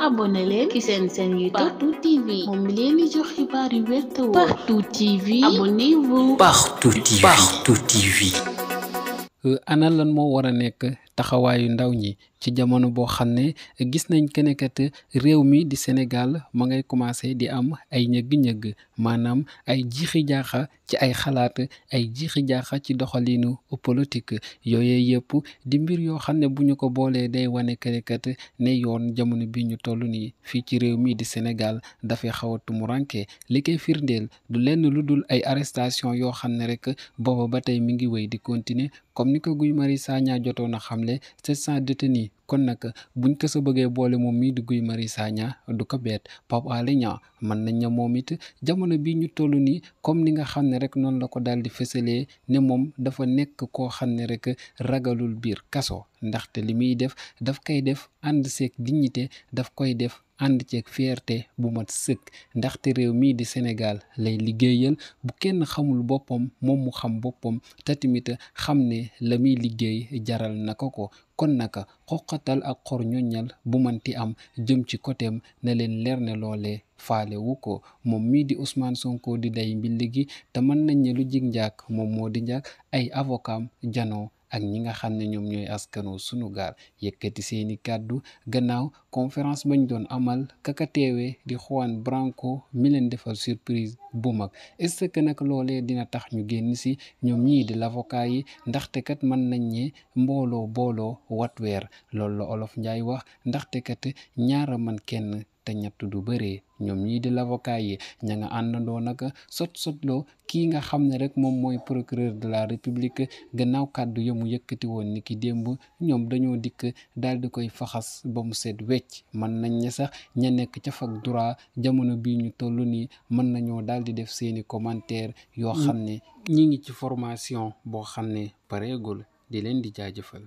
abonné leen ci seen seen YouTube Partout TV moom mi leen di jox Partout TV Partout TV euh, ana lan moo war a nekk taxawaayu ndaw ñi ci jamono boo xam ne gis nañ que ne kat réew mi di Sénégal ma ngay commencé di am ay ñëgg-ñëgg maanaam ay jiixi jaaxa ci ay xalaat ay jiixi jaaxa ci doxaliinu politique yooye yëpp di mbir yoo xam ne bu ñu ko boolee day wane que ne yoon jamono bi ñu toll nii fii ci réew mii di Sénégal dafay xaw a tumuranke li koy firndeel du lenn lu dul ay arrestation yoo xam ne rek booba ba tey mi ngi wéy di continuer comme ni ko Guy Marius Sagna jotoon a xamle 700 détenus kon nag buñ ko sa bëggee boole moom mii di Guy Marius Sagna du ko beet Pape Alé mën nañ ne moom it jamono bi ñu toll nii comme ni nga xam ne rek noonu la ko daal di fësalee ne moom dafa nekk koo xam ne rek ragalul biir kaso ndaxte li muy def daf koy def ànd seeg dignité daf koy def ànd ceeg fierté bu mat sëkk ndaxte réew mii di Sénégal lay liggéeyal bu kenn xamul boppam moom mu xam boppam te xam ne la muy liggéey jaral na ko ko kon naka xoqatal ak xor ñoñal bu manti am jëm ci côtéem na leen leer ne loolee faale ko moom mii di Ousmane Sonko di day mbill gi te mën nañ lu jig njaak moom moo di njaak ay avocaam janoo ak ñi nga xam ne ñoom ñooy askanu suñu gaal yëkkati seeni kàddu gannaaw conférence bañ doon amal kaka teewee di Juan Branco mi leen defal surprise bu mag est ce que nag loolee dina tax ñu génn si ñoom ñii di l'avocat yi ndaxte kat mën nañ ñe mbooloo booloo wat weer loolu la olof Njaay wax ndaxte kat ñaara man kenn te ñett du bëree ñoom ñii di l'avocat yi ña nga àndandoo nag sot sotloo kii nga xam ne rek moom mooy procureur de la république gannaaw kàddu mu yëkkati woon ni ki démb ñoom dañoo dikk daal di koy faxas ba mu seet wecc mën nañ ne sax ña nekk ca fac droit jamono bii ñu toll nii mën nañoo daal di def seeni commentaire yoo xam ne ñi ngi ci formation boo xam ne pareegul di leen di jaajëfal